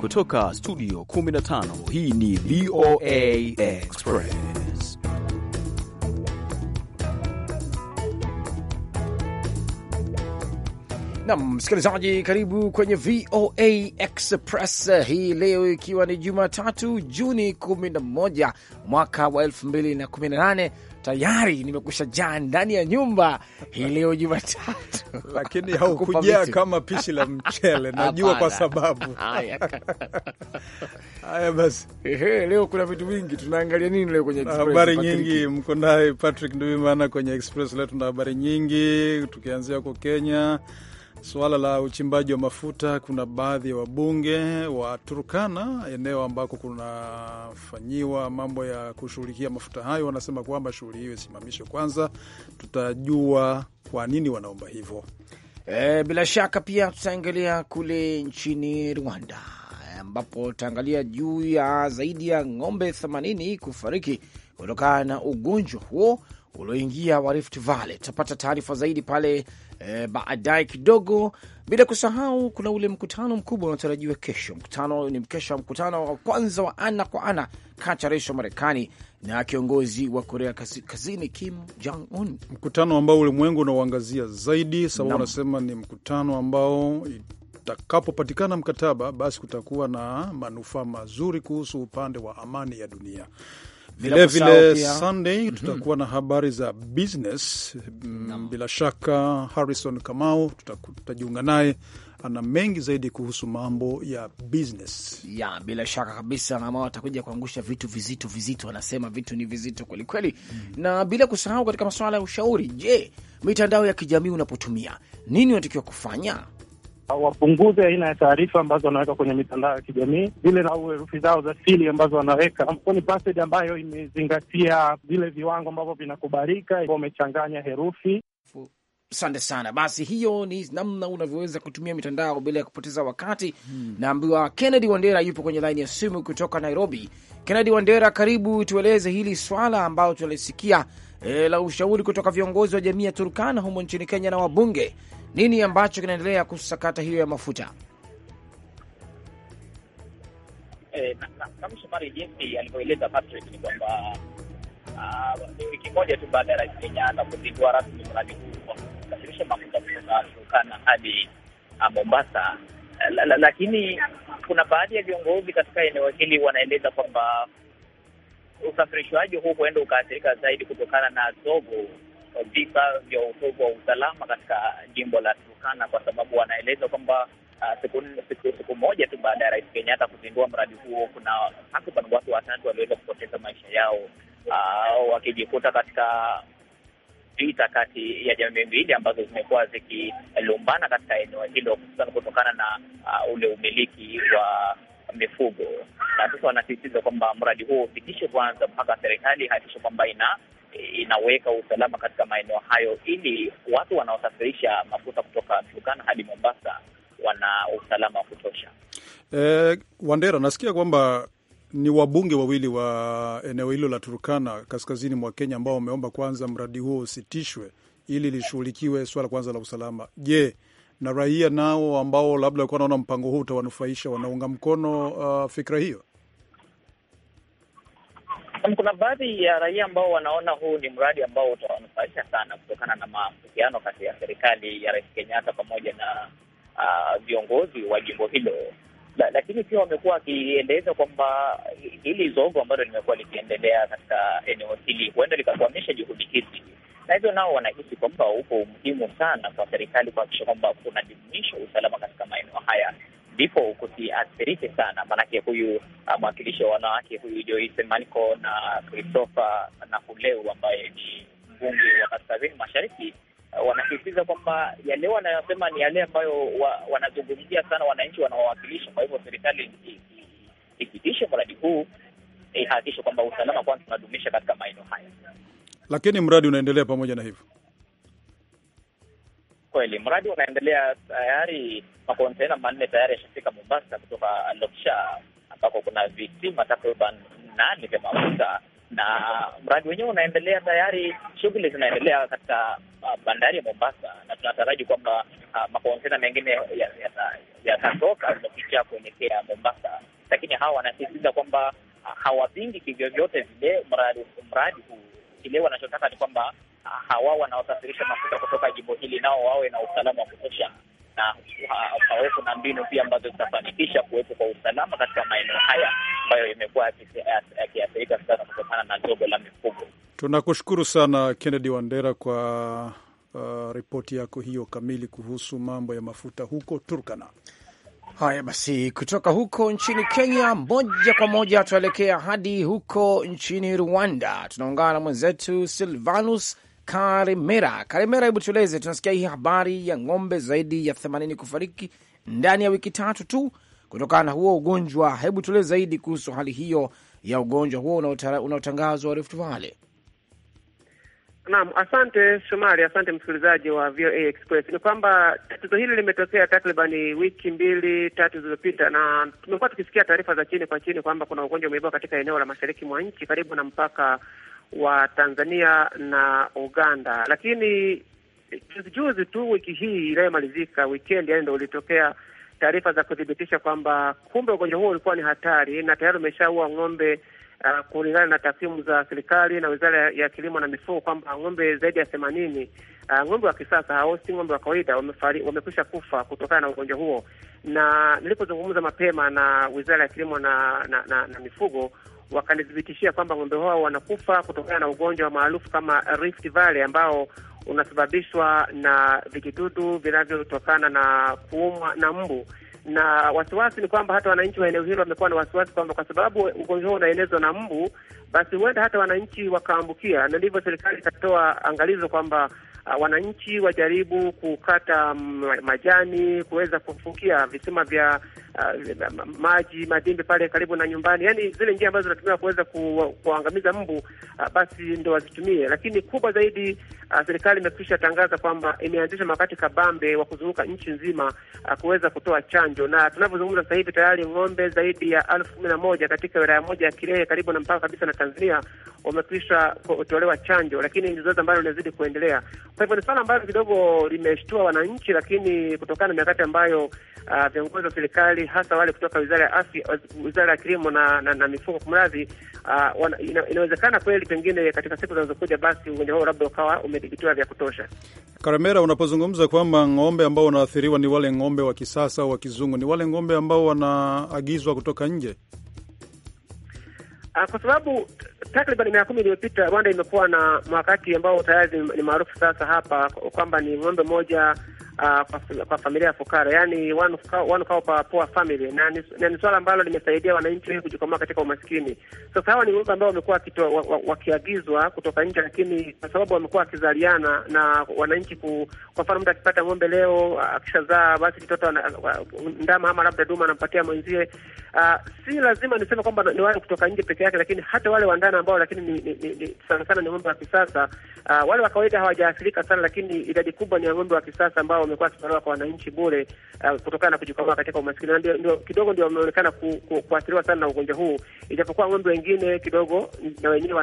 Kutoka studio 15 hii ni VOA Express. Nam msikilizaji, karibu kwenye VOA Express hii leo, ikiwa ni Jumatatu Juni 11 mwaka wa 2018 tayari nimekusha jaa ndani ya nyumba hii leo Jumatatu, lakini haukujaa kama pishi la mchele najua kwa sababu haya basi, leo kuna vitu vingi tunaangalia. Nini leo kwenye Express, habari nyingi mko naye Patrick Nduimana kwenye Express leo tuna habari nyingi tukianzia huko Kenya Suala la uchimbaji wa mafuta, kuna baadhi ya wa wabunge wa Turkana, eneo ambako kunafanyiwa mambo ya kushughulikia mafuta hayo, wanasema kwamba shughuli hiyo isimamishwe kwanza. Tutajua kwa nini wanaomba hivyo. E, bila shaka pia tutaangalia kule nchini Rwanda ambapo tutaangalia juu ya zaidi ya ng'ombe 80 kufariki kutokana na ugonjwa huo ulioingia wa Rift Valley. Tutapata taarifa zaidi pale e, baadaye kidogo, bila kusahau kuna ule mkutano mkubwa unaotarajiwa kesho. Mkutano ni mkesha, mkutano wa kwanza wa ana kwa ana kati ya rais wa Marekani na kiongozi wa Korea Kaskazini Kim Jong Un, mkutano ambao ulimwengu unauangazia zaidi, sababu wanasema ni mkutano ambao takapopatikana mkataba basi kutakuwa na manufaa mazuri kuhusu upande wa amani ya dunia vilevile Sunday mhm. tutakuwa mm -hmm. na habari za business mm, Bila shaka Harrison Kamau tutajiunga naye ana mengi zaidi kuhusu mambo ya business ya bila shaka kabisa, na watakuja atakuja kuangusha vitu vizito vizito, anasema vitu ni vizito kwelikweli mm. Na bila kusahau katika masuala ya ushauri, je, mitandao ya kijamii unapotumia nini unatakiwa kufanya? wapunguze aina ya taarifa ambazo wanaweka kwenye mitandao ya kijamii vile, au herufi zao za sili ambazo wanaweka. Kampuni password ambayo imezingatia vile viwango ambavyo vinakubalika, wamechanganya herufi. Asante sana. Basi hiyo ni namna unavyoweza kutumia mitandao bila ya kupoteza wakati. Hmm. Naambiwa Kennedy Wandera yupo kwenye laini ya simu kutoka Nairobi. Kennedy Wandera, karibu, tueleze hili swala ambalo tunalisikia e, la ushauri kutoka viongozi wa jamii ya Turkana humo nchini Kenya na wabunge nini ambacho kinaendelea kuhusu sakata hiyo ya mafuta? E, eh, kama Shomari jinsi alivyoeleza Patrick ni kwamba ah, wiki moja tu baada ya Rais Kenyatta kuzindua rasmi mradi huu wa kusafirisha mafuta kutoka Turkana hadi ah, Mombasa, eh, lakini kuna baadhi ya viongozi katika eneo hili wanaeleza kwamba usafirishwaji huu huenda ukaathirika zaidi kutokana na zogo visa vya utovu wa usalama katika jimbo la Turkana, kwa sababu wanaeleza kwamba uh, siku, siku, siku moja tu baada ya Rais Kenyatta kuzindua mradi huo, kuna takriban watu watatu waliweza kupoteza maisha yao uh, wakijikuta katika vita kati ya jamii mbili ambazo zimekuwa zikilumbana katika eneo hilo, hususan kutokana na uh, ule umiliki wa mifugo. Na sasa wanasisitiza kwamba mradi huo ufikishe kwanza mpaka serikali ihakikishe kwamba ina inaweka usalama katika maeneo hayo, ili watu wanaosafirisha mafuta kutoka Turkana hadi Mombasa wana usalama wa kutosha. Eh, Wandera, nasikia kwamba ni wabunge wawili wa eneo hilo la Turkana kaskazini mwa Kenya ambao wameomba kwanza mradi huo usitishwe ili lishughulikiwe swala kwanza la usalama. Je, na raia nao ambao labda walikuwa wanaona mpango huu utawanufaisha wanaunga mkono uh, fikra hiyo? Naam, kuna baadhi ya raia ambao wanaona huu ni mradi ambao utawanufaisha sana kutokana na mahusiano kati ya serikali ya Rais Kenyatta pamoja na viongozi wa jimbo hilo la, lakini pia wamekuwa wakieleza kwamba hili zogo ambalo limekuwa likiendelea katika eneo hili huenda likakwamisha juhudi hizi, na hivyo nao wanahisi kwamba upo umuhimu sana kwa serikali kuhakikisha kwamba kunajumuisha usalama katika maeneo haya ndipo kusiathirike sana, maanake huyu ah, mwakilishi wa wanawake huyu Joyce Maniko na Christopher Nakuleu ambaye ni mbunge wa kaskazini mashariki ah, wanasisitiza kwamba yale wanayosema ni yale ambayo wa, wanazungumzia sana wananchi wanaowakilisha. Kwa hivyo serikali ikitishe mradi huu ihakikishe kwamba usalama kwanza unadumisha katika maeneo haya, lakini mradi unaendelea pamoja na hivyo kweli mradi unaendelea tayari, makontena manne tayari yashafika Mombasa kutoka Loksha ambako kuna visima takriban nane vya mafuta na mradi wenyewe unaendelea tayari, shughuli zinaendelea katika uh, bandari ya Mombasa, na tunataraji kwamba uh, makontena mengine yatatoka ya, ya, kuelekea Mombasa, lakini hawa wanasisitiza kwamba uh, hawapingi kivyovyote vile mradi huu. Kile wanachotaka ni kwamba hawa wanaosafirisha mafuta kutoka jimbo hili nao wawe na usalama wa kutosha, na pawepo na mbinu pia ambazo zitafanikisha kuwepo kwa usalama katika maeneo haya ambayo imekuwa yakiathirika sana kutokana na jogo la mifugo. Tunakushukuru sana Kennedy Wandera kwa uh, ripoti yako hiyo kamili kuhusu mambo ya mafuta huko Turkana. Haya basi, kutoka huko nchini Kenya moja kwa moja tuaelekea hadi huko nchini Rwanda. Tunaungana na mwenzetu Silvanus Karimera. Karimera, hebu tueleze, tunasikia hii habari ya ng'ombe zaidi ya themanini kufariki ndani ya wiki tatu tu kutokana na huo ugonjwa. Hebu tueleze zaidi kuhusu hali hiyo ya ugonjwa huo unaotangazwa Rift Valley. Naam, asante Shomari, asante msikilizaji wa VOA Express. Ni kwamba tatizo hili limetokea takriban wiki mbili tatu zilizopita, na tumekuwa tukisikia taarifa za chini kwa chini kwamba kuna ugonjwa umeibuka katika eneo la mashariki mwa nchi karibu na mpaka wa Tanzania na Uganda. Lakini juzi juzi tu wiki hii inayomalizika wikendi, yani ndo ulitokea taarifa za kuthibitisha kwamba kumbe ugonjwa huo ulikuwa ni hatari na tayari umeshaua ng'ombe Uh, kulingana na takwimu za serikali na wizara ya kilimo na mifugo kwamba ng'ombe zaidi ya themanini, uh, ng'ombe wa kisasa hao si ng'ombe wa kawaida, wamekwisha kufa kutokana na ugonjwa huo. Na nilipozungumza mapema na wizara ya kilimo na, na, na, na mifugo wakanithibitishia kwamba ng'ombe wao wanakufa kutokana na ugonjwa maarufu kama Rift Valley ambao unasababishwa na vijidudu vinavyotokana na kuumwa na mbu na wasiwasi ni kwamba hata wananchi wa eneo hilo wamekuwa na wasiwasi kwamba kwa sababu ugonjwa huo unaenezwa na mbu, basi huenda hata wananchi wakaambukia, na ndivyo serikali ikatoa angalizo kwamba uh, wananchi wajaribu kukata majani kuweza kufukia visima vya uh, maji madimbi pale karibu na nyumbani, yani zile njia ambazo zinatumia kuweza ku, kuangamiza mbu uh, basi ndo wazitumie. Lakini kubwa zaidi uh, serikali imekwisha tangaza kwamba imeanzisha makati kabambe wa kuzunguka nchi nzima uh, kuweza kutoa chanjo, na tunavyozungumza sasa hivi tayari ng'ombe zaidi ya elfu kumi na moja katika wilaya moja ya Kirehe karibu na mpaka kabisa na Tanzania wamekwisha kutolewa chanjo, lakini ni zoezi ambalo linazidi kuendelea. Kwa hivyo ni swala ambalo kidogo limeshtua wananchi, lakini kutokana na mikakati ambayo uh, viongozi uh, wa serikali hasa wale kutoka wizara ya afya, wizara ya kilimo na, na, na mifugo kumradhi, uh, ina, inawezekana kweli pengine katika siku zinazokuja basi ugonjwa huo labda ukawa umedhibitiwa vya kutosha. Karemera, unapozungumza kwamba ng'ombe ambao wanaathiriwa ni wale ng'ombe wa kisasa au wa kizungu, ni wale ng'ombe ambao wanaagizwa kutoka nje? Ah, kwa sababu takriban miaka kumi iliyopita Rwanda imekuwa na mwakati ambao tayari ni maarufu sasa hapa kwamba ni ng'ombe moja uh, kwa familia ya fukara, yani one, one cow per poor family, na ni ni swala ambalo limesaidia wananchi wengi kujikwamua katika umaskini. Sasa hawa ni watu ambao wamekuwa wakiagizwa wa kutoka nje, lakini kwa sababu wamekuwa wakizaliana na wananchi ku, kwa mfano mtu akipata ng'ombe leo akishazaa basi kitoto wa, ndama ama labda duma anampatia mwenzie. Uh, si lazima niseme kwamba ni wale kutoka nje peke yake, lakini hata wale wa ndani ambao lakini ni, ni, ni, ni, sana sana ni ng'ombe wa kisasa. Uh, wale wa kawaida hawajaathirika sana, lakini idadi kubwa ni ya ng'ombe wa kisasa ambao wamekuwa wakitolewa kwa wananchi bure uh, kutokana na kujikwamua katika umaskini, na ndio kidogo ndio wameonekana kuathiriwa ku, sana na ugonjwa huu, ijapokuwa ng'ombe wengine kidogo na wenyewe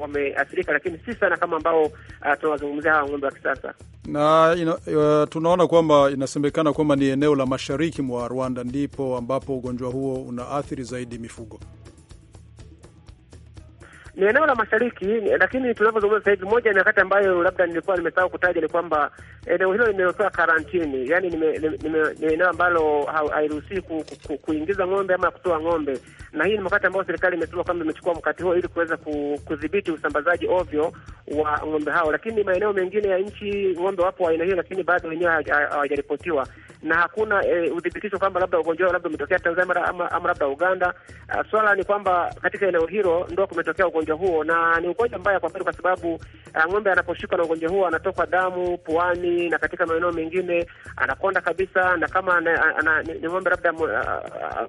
wameathirika, lakini si sana kama ambao uh, tunawazungumzia hawa ng'ombe wa kisasa na ina, uh, tunaona kwamba inasemekana kwamba ni eneo la mashariki mwa Rwanda ndipo ambapo ugonjwa huo unaathiri zaidi mifugo ni eneo la mashariki, lakini tunavyozungumza sasa hivi, moja ya nyakati ambayo labda nilikuwa nimesahau kutaja ni kwamba eneo hilo limewekewa karantini, yani ni eneo ambalo hairuhusi ku, ku, ku, kuingiza ng'ombe ama kutoa ng'ombe, na hii ni wakati ambao serikali imesema kwamba imechukua mkakati huo ili kuweza kudhibiti usambazaji ovyo wa ng'ombe hao, lakini maeneo mengine ya nchi ng'ombe wapo aina hiyo, lakini bado wenyewe hawajaripotiwa na hakuna e, udhibitisho kwamba labda ugonjwa labda umetokea Tanzania ama, ama labda Uganda. swala ni kwamba katika eneo hilo ndo kumetokea ugonjwa ugonjwa huo, na ni ugonjwa mbaya kwa kweli, kwa sababu uh, ng'ombe anaposhikwa na ugonjwa huo anatoka damu puani na katika maeneo mengine anakonda kabisa, na kama ana, ana, ni ni ng'ombe labda eh,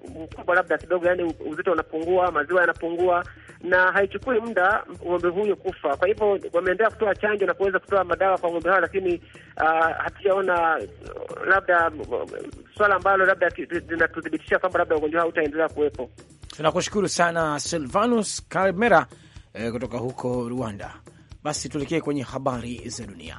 mkubwa uh, labda kidogo, yani uzito unapungua, maziwa yanapungua, na haichukui muda ng'ombe huyo kufa. Kwa hivyo wameendelea kutoa chanjo na kuweza kutoa madawa kwa ng'ombe hao, lakini uh, hatujaona labda swala ambalo labda linatuthibitisha kwamba labda ugonjwa hao utaendelea kuwepo. Tunakushukuru sana Silvanus Karmera eh, kutoka huko Rwanda. Basi tuelekee kwenye habari za dunia.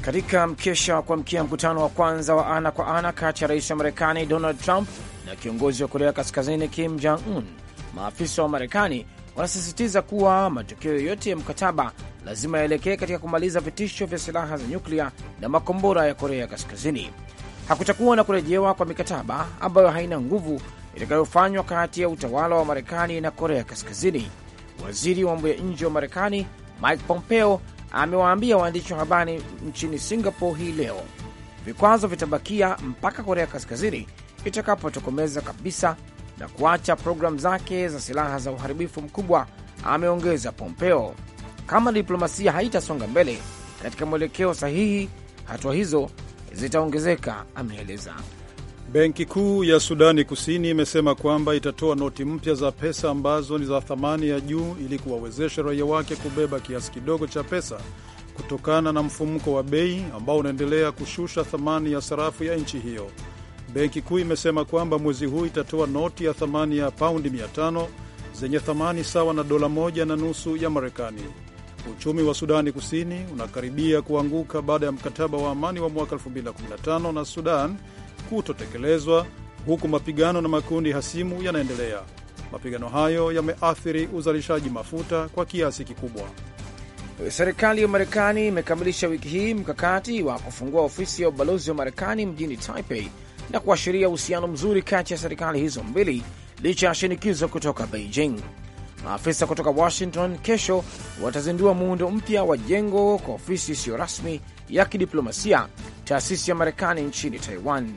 Katika mkesha wa kuamkia mkutano wa kwanza wa ana kwa ana kati ya rais wa Marekani Donald Trump na kiongozi wa Korea Kaskazini Kim Jong Un, maafisa wa Marekani wanasisitiza kuwa matokeo yote ya mkataba lazima yaelekee katika kumaliza vitisho vya silaha za nyuklia na makombora ya Korea Kaskazini. Hakutakuwa na kurejewa kwa mikataba ambayo haina nguvu itakayofanywa kati ya utawala wa Marekani na Korea Kaskazini. Waziri wa mambo ya nje wa Marekani Mike Pompeo amewaambia waandishi wa habari nchini Singapore hii leo, vikwazo vitabakia mpaka Korea Kaskazini itakapotokomeza kabisa na kuacha programu zake za silaha za uharibifu mkubwa, ameongeza Pompeo. Kama diplomasia haitasonga mbele katika mwelekeo sahihi, hatua hizo zitaongezeka, ameeleza. Benki Kuu ya Sudani Kusini imesema kwamba itatoa noti mpya za pesa ambazo ni za thamani ya juu ili kuwawezesha raia wake kubeba kiasi kidogo cha pesa kutokana na mfumuko wa bei ambao unaendelea kushusha thamani ya sarafu ya nchi hiyo. Benki Kuu imesema kwamba mwezi huu itatoa noti ya thamani ya paundi 500 zenye thamani sawa na dola moja na nusu ya Marekani. Uchumi wa Sudani Kusini unakaribia kuanguka baada ya mkataba wa amani wa mwaka 2015 na Sudan kutotekelezwa huku mapigano na makundi hasimu yanaendelea. Mapigano hayo yameathiri uzalishaji mafuta kwa kiasi kikubwa. Serikali ya Marekani imekamilisha wiki hii mkakati wa kufungua ofisi ya ubalozi wa Marekani mjini Taipei na kuashiria uhusiano mzuri kati ya serikali hizo mbili licha ya shinikizo kutoka Beijing. Maafisa kutoka Washington kesho watazindua muundo mpya wa jengo kwa ofisi isiyo rasmi ya kidiplomasia, taasisi ya Marekani nchini Taiwan.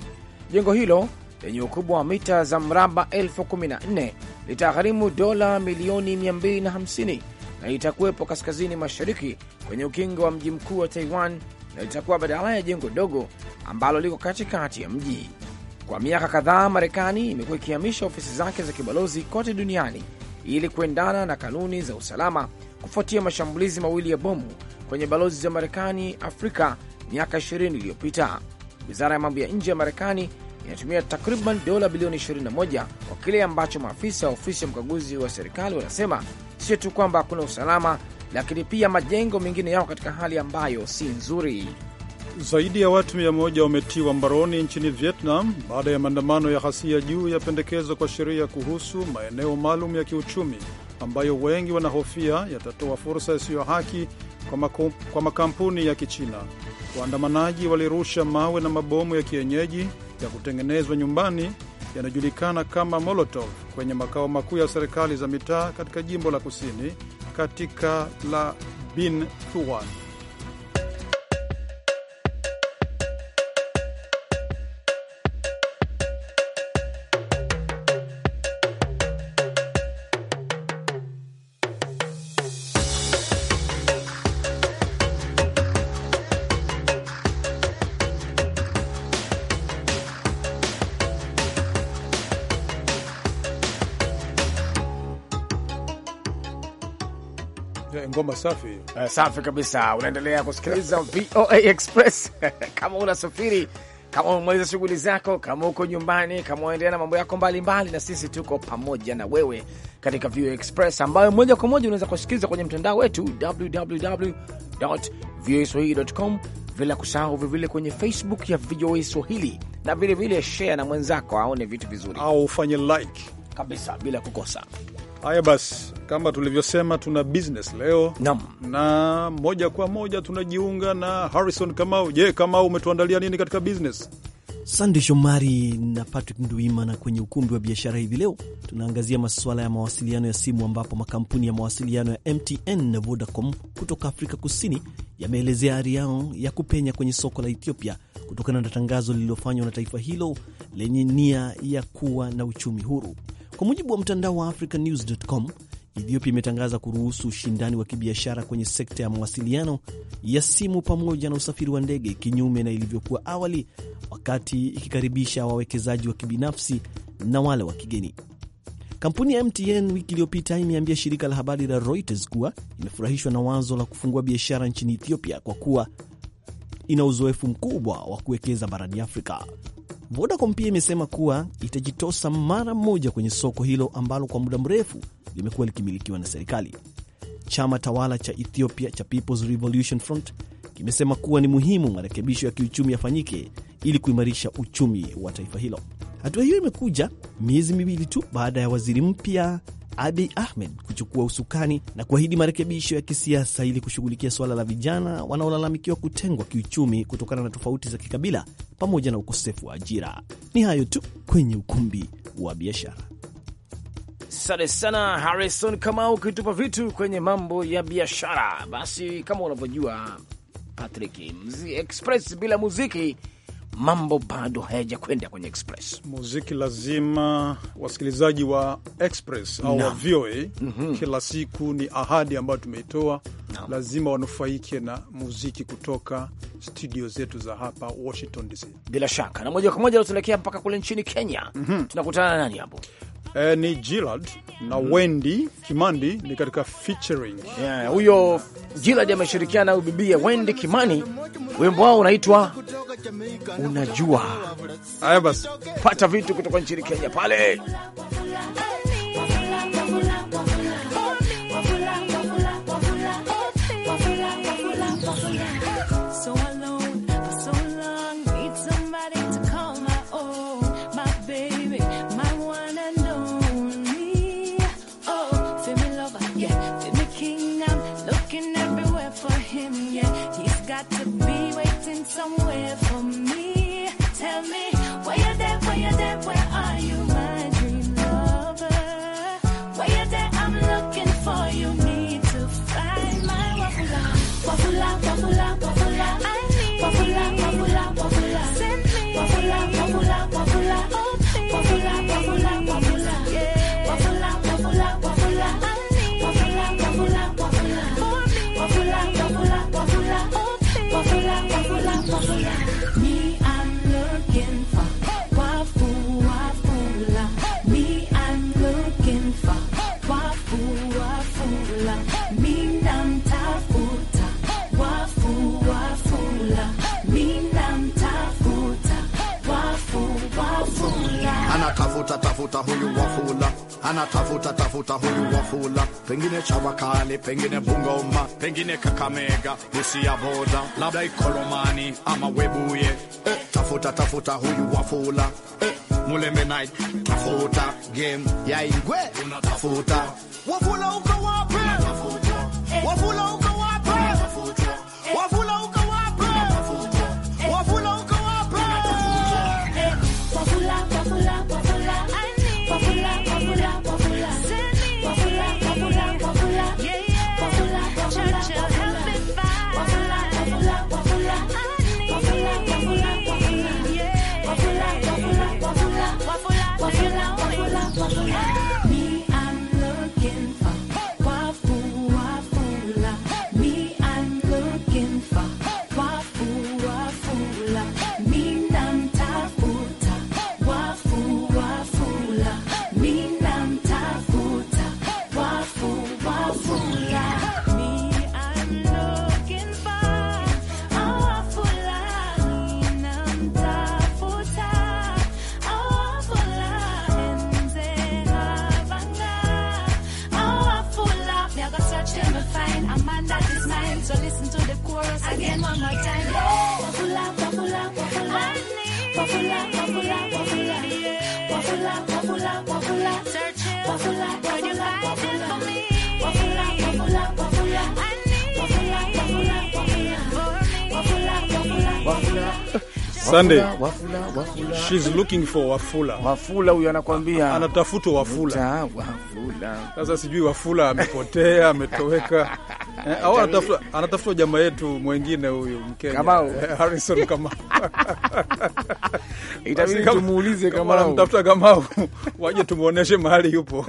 Jengo hilo lenye ukubwa wa mita za mraba 14 litagharimu dola milioni 250 na itakuwepo kaskazini mashariki kwenye ukingo wa mji mkuu wa Taiwan na litakuwa badala ya jengo dogo ambalo liko katikati ya mji. Kwa miaka kadhaa, Marekani imekuwa ikihamisha ofisi zake za kibalozi kote duniani ili kuendana na kanuni za usalama kufuatia mashambulizi mawili ya bomu kwenye balozi za Marekani Afrika miaka 20 iliyopita. Wizara ya mambo ya nje ya Marekani inatumia takriban dola bilioni 21 kwa kile ambacho maafisa wa ofisi ya mkaguzi wa serikali wanasema sio tu kwamba hakuna usalama, lakini pia majengo mengine yao katika hali ambayo si nzuri. Zaidi ya watu mia moja wametiwa mbaroni nchini Vietnam baada ya maandamano ya ghasia juu ya pendekezo kwa sheria kuhusu maeneo maalum ya kiuchumi ambayo wengi wanahofia yatatoa fursa isiyo haki kwa, kwa makampuni ya Kichina. Waandamanaji walirusha mawe na mabomu ya kienyeji ya kutengenezwa nyumbani yanajulikana kama molotov kwenye makao makuu ya serikali za mitaa katika jimbo la kusini katika la Binh Thuan. ngoma safi uh, safi kabisa. Unaendelea kusikiliza VOA Express kama unasafiri, kama umemaliza shughuli zako, kama uko nyumbani, kama unaendelea na mambo yako mbalimbali, na sisi tuko pamoja na wewe katika VOA Express ambayo moja kwa moja unaweza kusikiliza kwenye mtandao wetu swahili.com, bila kusahau vilevile kwenye Facebook ya VOA Swahili na vilevile share na mwenzako aone vitu vizuri, au ufanye like kabisa bila kukosa. Haya basi, kama tulivyosema, tuna business leo Nam. na moja kwa moja tunajiunga na Harrison Kamau. Je, Kamau, umetuandalia nini katika business? Sande Shomari na Patrick Nduimana. Kwenye ukumbi wa biashara hivi leo tunaangazia masuala ya mawasiliano ya simu, ambapo makampuni ya mawasiliano ya MTN na Vodacom kutoka Afrika Kusini yameelezea ari yao ya kupenya kwenye soko la Ethiopia kutokana na tangazo lililofanywa na taifa hilo lenye nia ya kuwa na uchumi huru. Kwa mujibu wa mtandao wa africanews.com, Ethiopia imetangaza kuruhusu ushindani wa kibiashara kwenye sekta ya mawasiliano ya simu pamoja na usafiri wa ndege, kinyume na ilivyokuwa awali, wakati ikikaribisha wawekezaji wa kibinafsi na wale wa kigeni. Kampuni ya MTN wiki iliyopita imeambia shirika la habari la Reuters kuwa imefurahishwa na wazo la kufungua biashara nchini Ethiopia kwa kuwa ina uzoefu mkubwa wa kuwekeza barani Afrika. Vodacom pia imesema kuwa itajitosa mara moja kwenye soko hilo ambalo kwa muda mrefu limekuwa likimilikiwa na serikali. Chama tawala cha Ethiopia cha People's Revolution Front kimesema kuwa ni muhimu marekebisho ya kiuchumi yafanyike ili kuimarisha uchumi wa taifa hilo. Hatua hiyo imekuja miezi miwili tu baada ya waziri mpya Abiy Ahmed kuchukua usukani na kuahidi marekebisho ya kisiasa ili kushughulikia suala la vijana wanaolalamikiwa kutengwa kiuchumi kutokana na tofauti za kikabila pamoja na ukosefu wa ajira. Ni hayo tu kwenye ukumbi wa biashara. Asante sana Harrison Kamau, ukitupa vitu kwenye mambo ya biashara. Basi kama unavyojua Patrick, Express bila muziki mambo bado hayajakwenda kwenye Express. Muziki lazima, wasikilizaji wa Express au wa VOA mm -hmm. Kila siku ni ahadi ambayo tumeitoa, lazima wanufaike na muziki kutoka studio zetu za hapa Washington DC, bila shaka. Na moja kwa moja tunaelekea mpaka kule nchini Kenya. mm -hmm. Tunakutana nani hapo? Eh, ni Gillard na mm -hmm. Wendy Kimandi ni katika featuring. Yeah, huyo Gillard ameshirikiana na bibia Wendy Kimani, wimbo wao unaitwa Unajua. Haya basi, pata vitu kutoka nchini Kenya pale anatafuta tafuta huyu wa wafula, pengine Chavakali, pengine Bungoma, pengine Kakamega, Busia boda, labda Ikolomani ama Webuye. Eh, tafuta tafuta huyu wafula eh, Muleme night tafuta game ya Ingwe, unatafuta wafula uko wapi? Wafula mine, a man that is mine. So listen to the chorus again one more time. Wafula, wafula, wafula. Wafula, wafula, wafula. Wafula, wafula, wafula. Wafula, wafula, wafula. Wafula, wafula, wafula. Wafula, wafula, wafula. Wafula, wafula, wafula. Sunday. Wafula, wafula, wafula. She's looking for wafula. Wafula huyo anakuambia. Anatafuta wafula. Wafula. Sasa sijui Wafula amepotea ametoweka, eh, au anatafuta jamaa yetu mwengine huyu Mkenya Kamau, Harrison itabidi tumuulize anamtafuta Kamau waje tumuoneshe mahali yupo.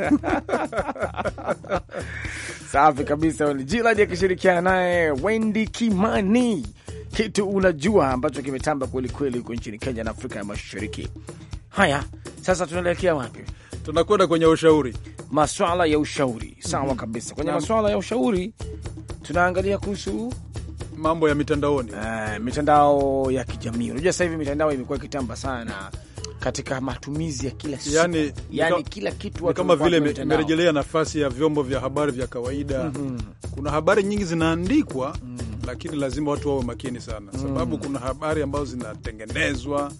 Safi kabisa, Jilaji akishirikiana naye Wendy Kimani, kitu unajua ambacho kimetamba kweli kweli huko nchini Kenya na Afrika ya Mashariki. Haya, sasa tunaelekea wapi? Tunakwenda kwenye ushauri maswala ya ushauri. Sawa mm -hmm. kabisa. Kwenye maswala ya ushauri tunaangalia kuhusu mambo ya mitandaoni, eh, mitandao ya kijamii. Unajua sasa hivi mitandao imekuwa ikitamba sana katika matumizi ya kila siku. Yani, yani kila kitu kama vile imerejelea nafasi ya vyombo vya habari vya kawaida mm -hmm. Kuna habari nyingi zinaandikwa mm -hmm. Lakini lazima watu wawe makini sana, sababu mm -hmm. kuna habari ambazo zinatengenezwa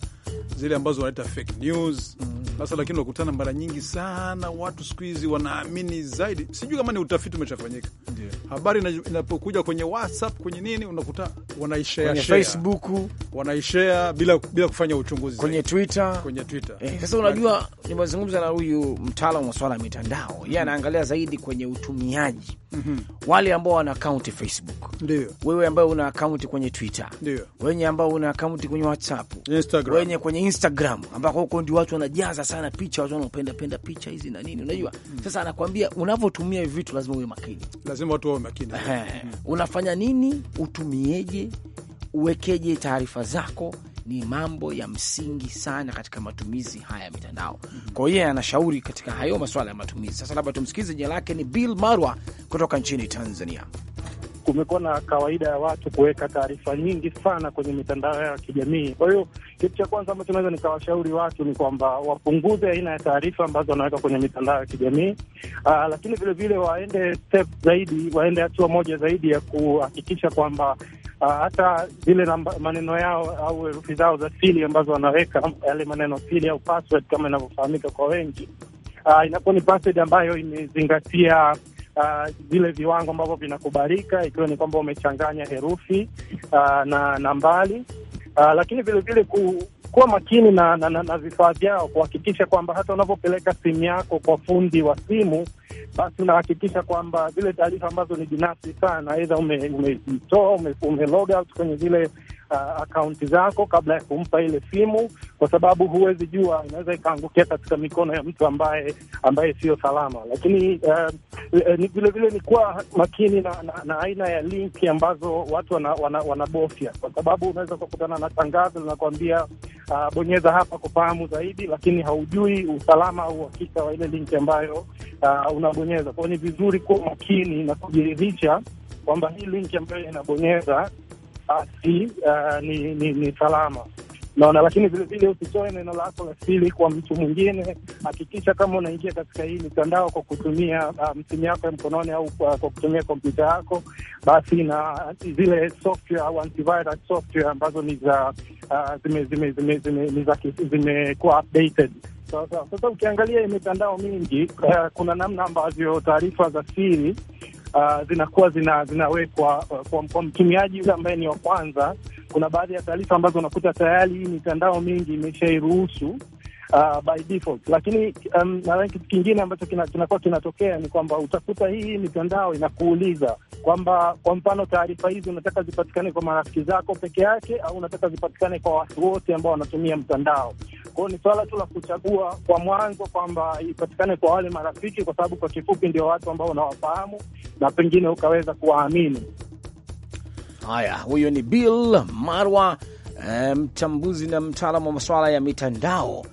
zile ambazo wanaita fake news mm sasa lakini unakutana mara nyingi sana watu siku hizi wanaamini zaidi, sijui kama ni utafiti umeshafanyika. Yeah. Habari inapokuja kwenye WhatsApp kwenye nini, unakuta wanaishare Facebook, wanaishare bila, bila kufanya uchunguzi kwenye Twitter, kwenye Twitter. Eh, sasa unajua nimezungumza na huyu mtaalam wa swala ya mitandao mm yeye, yeah, mm-hmm. anaangalia zaidi kwenye utumiaji mm -hmm. wale ambao wana akaunti Facebook, ndio wewe ambao una akaunti kwenye Twitter, ndio wenye ambao una akaunti kwenye WhatsApp, Instagram, wenye kwenye Instagram ambako huko ndio watu wanajaza sana picha, watu wanaopenda penda picha hizi na nini, unajua mm. Sasa anakwambia unavyotumia hivi vitu lazima uwe makini, lazima watu wawe makini. Unafanya nini, utumieje, uwekeje taarifa zako ni mambo ya msingi sana katika matumizi haya ya mitandao. Kwa hiyo anashauri katika hayo masuala ya matumizi. Sasa labda tumsikize, jina lake ni Bill Marwa kutoka nchini Tanzania kumekuwa na kawaida ya watu kuweka taarifa nyingi sana kwenye mitandao yao ya kijamii. Kwa hiyo kitu cha kwanza ambacho naweza nikawashauri watu ni kwamba wapunguze aina ya taarifa ambazo wanaweka kwenye mitandao ya kijamii aa, ah, lakini vilevile waende step zaidi, waende hatua moja zaidi ya kuhakikisha kwamba ah, hata zile maneno yao au herufi zao za siri ambazo wanaweka, yale maneno siri au password kama inavyofahamika kwa wengi, ah, inakuwa ni password ambayo imezingatia uh, vile viwango ambavyo vinakubalika, ikiwa ni kwamba umechanganya herufi uh, na nambari uh, ah, lakini vilevile ku, kuwa makini na, na, na, na vifaa vyao, kuhakikisha kwamba hata unavyopeleka simu yako kwa fundi wa simu, basi unahakikisha kwamba zile taarifa ambazo ni binafsi sana, aidha umetoa ume, ume, ume log out kwenye zile uh, akaunti zako kabla ya kumpa ile simu, kwa sababu huwezi jua, inaweza ikaangukia katika mikono ya mtu ambaye ambaye siyo salama. Lakini uh, ni vilevile ni kuwa makini na, na, na aina ya linki ambazo watu wanabofya wana, wana, kwa sababu unaweza kukutana na tangazo linakuambia uh, ah, bonyeza hapa kufahamu zaidi, lakini haujui usalama au uhakika wa ile linki ambayo uh, unabonyeza kwao. Ni vizuri kuwa makini na kujiridhisha kwamba hii linki ambayo inabonyeza basi uh, ni, ni, ni salama naona. Lakini vilevile usitoe neno lako la siri kwa mtu mwingine. Hakikisha kama unaingia katika hii mitandao kwa kutumia um, simu yako ya mkononi au kwa, kwa kutumia kompyuta yako, basi na zile software au antivirus software ambazo ni za eh, zimekuwa zime, updated sasa. ukiangalia hii mitandao mingi uh, kuna namna ambavyo taarifa za siri uh, zinakuwa zina, zinawekwa uh, kwa, kwa mtumiaji yule ambaye ni wa kwanza. Kuna baadhi ya taarifa ambazo unakuta tayari hii mitandao mingi imeshairuhusu uh, by default. Lakini um, nadhani kitu kingine ambacho kinakuwa kinatokea ni kwamba utakuta hii mitandao inakuuliza kwamba kwa mfano taarifa hizi unataka zipatikane kwa marafiki zako peke yake au unataka zipatikane kwa watu wote ambao wanatumia mtandao. Kwa ni swala tu la kuchagua kwa mwanzo kwamba ipatikane kwa wale marafiki, kwa sababu kwa kifupi ndio watu ambao unawafahamu na pengine ukaweza kuwaamini. Haya, huyo ni Bill Marwa, eh, mchambuzi um, na mtaalamu wa masuala ya mitandao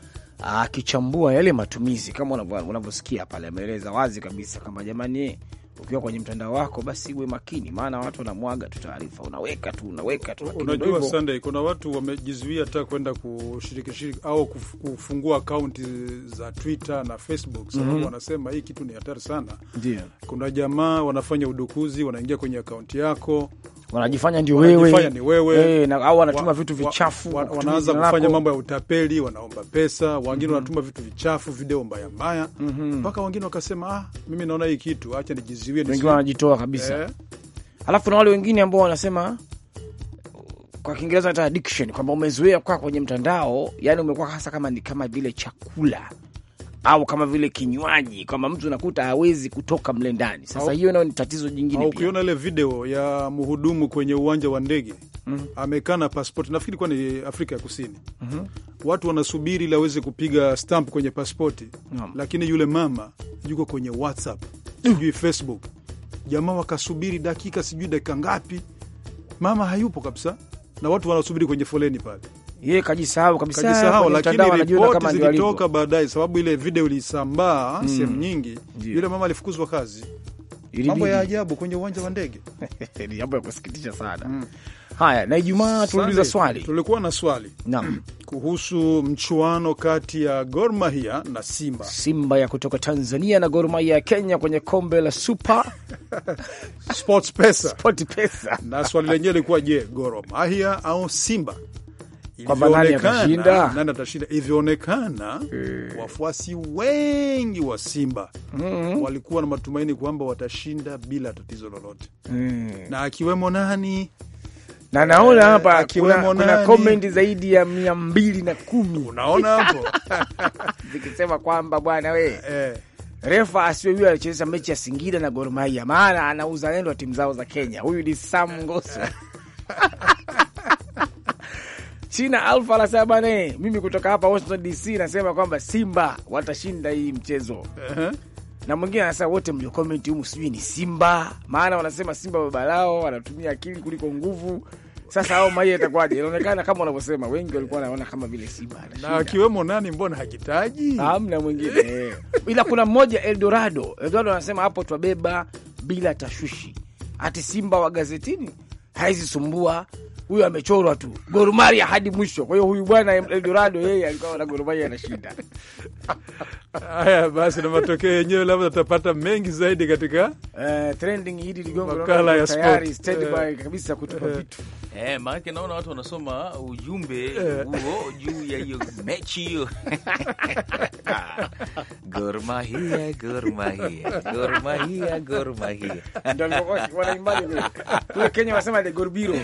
akichambua yale matumizi kama unavyosikia pale, ameeleza wazi kabisa kwamba jamani, ukiwa kwenye mtandao wako, basi uwe makini, maana watu wanamwaga tu taarifa, unaweka tu unaweka tu. Unajua Sunday, kuna watu wamejizuia hata kwenda kushirikishiriki au kufungua akaunti za Twitter na Facebook sababu mm -hmm. wanasema hii kitu ni hatari sana. Ndio kuna jamaa wanafanya udukuzi, wanaingia kwenye akaunti yako wanajifanya ndio wewe, ni wewe e, na, au wanatuma wa, vitu vichafu wa, wanaanza kufanya mambo ya utapeli, wanaomba pesa wengine, mm -hmm. wanatuma vitu vichafu, video mbaya mbaya mhm. mpaka mm -hmm. wengine wakasema, ah, mimi naona hii kitu acha nijizi wengine wanajitoa kabisa eh. Alafu na wale wengine ambao wanasema kwa Kiingereza ta addiction kwamba umezoea kwa kwenye mtandao, yani umekuwa hasa kama ni kama vile chakula au kama vile kinywaji, kwamba mtu unakuta hawezi kutoka mle ndani. Sasa hiyo nayo ni tatizo jingine. Ukiona ile video ya mhudumu kwenye uwanja wa ndege mm -hmm. amekaa na paspoti, nafikiri kuwa ni Afrika ya Kusini mm -hmm. watu wanasubiri ili aweze kupiga stamp kwenye paspoti mm -hmm. lakini yule mama yuko kwenye WhatsApp sijui Facebook. Jamaa wakasubiri dakika sijui dakika ngapi, mama hayupo kabisa, na watu wanasubiri kwenye foleni pale yeye kajisahau kabisa, kajisahau. Lakini ripoti zilitoka baadaye, sababu ile video ilisambaa mm, sehemu nyingi. Yule mama alifukuzwa kazi. Mambo ya ajabu kwenye uwanja wa ndege, ni jambo ya kusikitisha sana mm. Haya, na Ijumaa tuliuliza swali, tulikuwa na swali naam, kuhusu mchuano kati ya Gor Mahia na Simba, Simba ya kutoka Tanzania na Gor Mahia ya Kenya kwenye kombe la Super Sports Pesa, Sport Pesa. Na swali lenyewe lilikuwa je, Gor Mahia au Simba? Nani atashinda? Ilivyoonekana hmm, wafuasi wengi wa Simba -hmm. walikuwa na matumaini kwamba watashinda bila tatizo lolote hmm, na akiwemo nani na naona eh, hapa e, kuna, kuna comment zaidi ya mia mbili na kumi unaona hapo zikisema kwamba bwana we e, Refa asiwe huyo alicheza mechi ya Singida na Gor Mahia, maana ana uzalendo wa timu zao za Kenya. Huyu ni Sam Ngoso. China Alfa anasema saba mimi kutoka hapa Washington DC nasema kwamba Simba watashinda hii mchezo uh -huh. Na mwingine anasema wote mlio komenti humu sijui ni Simba, maana wanasema Simba baba lao wanatumia akili kuliko nguvu sasa hao maia yatakwaje? Inaonekana kama wanavyosema wengi, walikuwa wanaona kama vile si bana, na akiwemo nani, mbona hakitaji, amna mwingine ila kuna mmoja Eldorado. Eldorado anasema hapo twabeba bila tashwishi, ati Simba wa gazetini haizisumbua huyo amechorwa tu Gor Mahia hadi mwisho. Kwa hiyo huyu bwana Eldorado yeye alikuwa na Gor Mahia anashinda. Haya basi, na matokeo yenyewe labda tutapata mengi zaidi katika eh, makala ya eh. kabisa kutupa eh. vitu eh, maanake naona watu wanasoma ujumbe huo juu ya hiyo mechi hiyo. Gor Mahia, Gor Mahia, Gor Mahia, Gor Mahia ndio walikuwa wanaimbaje kule Kenya, wanasema the Gorbiro.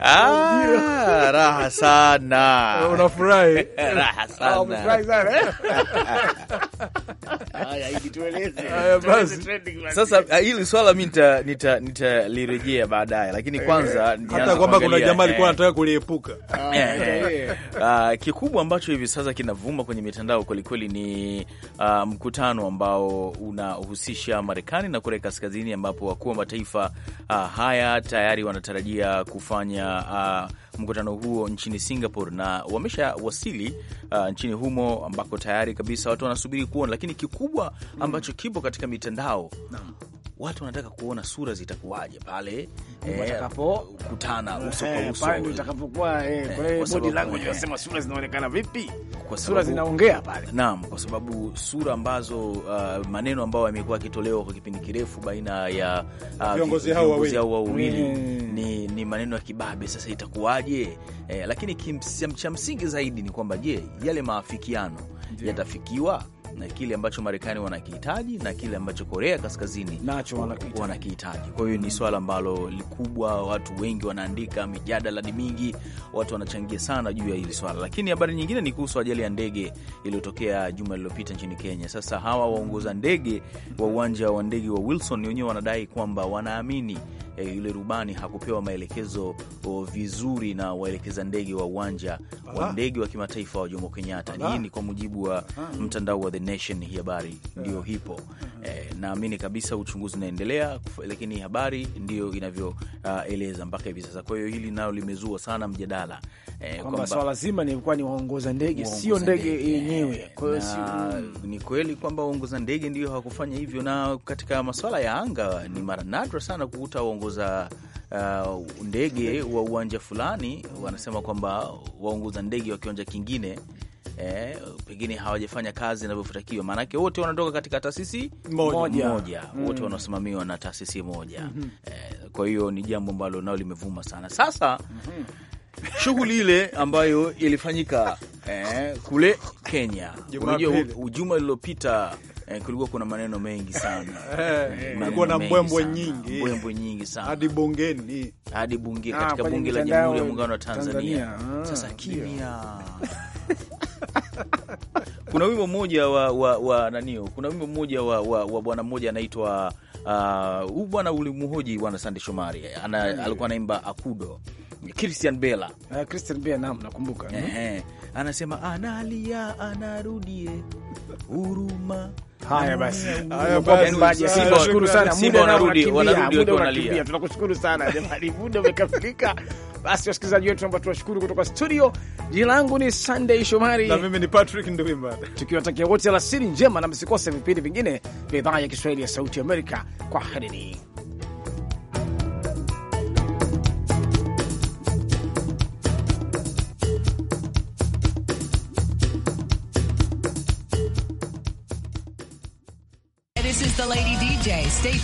Ah, raha sana, unafurahi raha ah, sana Sasa ah, hili swala mi nitalirejea baadaye, lakini eh. kwanza hata kwamba kuna jamaa alikuwa eh. anataka kuliepuka. Eh, ah, ah, kikubwa ambacho hivi sasa kinavuma kwenye mitandao kwelikweli ni uh, mkutano ambao unahusisha Marekani na Korea Kaskazini, ambapo wakuu wa mataifa uh, haya tayari wanatarajia kufanya uh, mkutano huo nchini Singapore na wasili uh, nchini humo ambako tayari kabisa watu wanasubiri kuona, lakini kikubwa ambacho kipo katika mitandao Watu wanataka kuona sura zitakuwaje pale eh, watakapokutana uso kwa eh, uso, pale ndio itakapokuwa. Eh, kwa hiyo body language sura zinaonekana vipi? kwa sura zinaongea pale. Naam, kwa sababu sura ambazo uh, maneno ambayo yamekuwa yakitolewa kwa kipindi kirefu baina ya uh, hao wawili mm. ni, ni maneno ya kibabe. Sasa itakuwaje? Eh, lakini cha msingi zaidi ni kwamba je, yale maafikiano yatafikiwa? na kile ambacho Marekani wanakihitaji na kile ambacho Korea Kaskazini nacho wanakihitaji. Kwa hiyo ni swala ambalo likubwa, watu wengi wanaandika, mijadala ni mingi, watu wanachangia sana juu ya hili swala. Lakini habari nyingine ni kuhusu ajali ya ndege iliyotokea juma lililopita nchini Kenya. Sasa hawa waongoza ndege wa uwanja wa ndege wa Wilson wenyewe wanadai kwamba wanaamini eh, yule rubani hakupewa maelekezo vizuri na waelekeza ndege wa uwanja wa ndege wa kimataifa wa Jomo Kenyatta. Hii ni kwa mujibu wa mtandao wa The Nation, hii habari ndio hipo. E, naamini kabisa uchunguzi unaendelea, lakini habari ndio inavyoeleza uh, mpaka hivi sasa. Kwa hiyo hili nalo limezua sana mjadala e, kwamba swala zima nilikuwa ni waongoza ndege, sio ndege eh, yenyewe. Kwa hiyo si ni kweli kwamba waongoza ndege ndio hawakufanya hivyo, na katika maswala ya anga ni mara nadra sana kukuta waongoza Uh, ndege wa uwanja fulani wanasema kwamba waongoza ndege wa kiwanja kingine eh, pengine hawajafanya kazi inavyotakiwa, maanake wote wanatoka katika taasisi moja, moja. Mm. wote wanaosimamiwa na taasisi moja mm -hmm. eh, kwa hiyo ni jambo ambalo nao limevuma sana sasa mm -hmm. shughuli ile ambayo ilifanyika eh, kule Kenya, unajua juma lililopita eh, kulikuwa kuna maneno mengi sana eh, eh, kulikuwa na mbwembwe nyingi, mbwembwe nyingi sana hadi bungeni, hadi bunge ah, katika bunge la Jamhuri ya Muungano wa Tanzania, Tanzania. Ah, sasa kimya kuna wimbo mmoja wa, wa, wa nanio kuna wimbo mmoja wa, wa, wa bwana mmoja anaitwa huu uh, bwana ulimhoji bwana Sande Shomari alikuwa anaimba Akudo Christian Bela, uh, Christian naam, nakumbuka anasema analia anarudie huruma. Haya basi, tunashukuru yaani sana, muda unakimbia. Tunakushukuru sana jamani, muda umekafika. Basi wasikilizaji wetu ambao tunashukuru kutoka studio, jina langu ni Sunday Shomari na mimi ni Patrick Ndwimba, tukiwatakia wote alasiri njema na msikose vipindi vingine vya idhaa ya Kiswahili ya Sauti Amerika. kwa Kwaherini. State.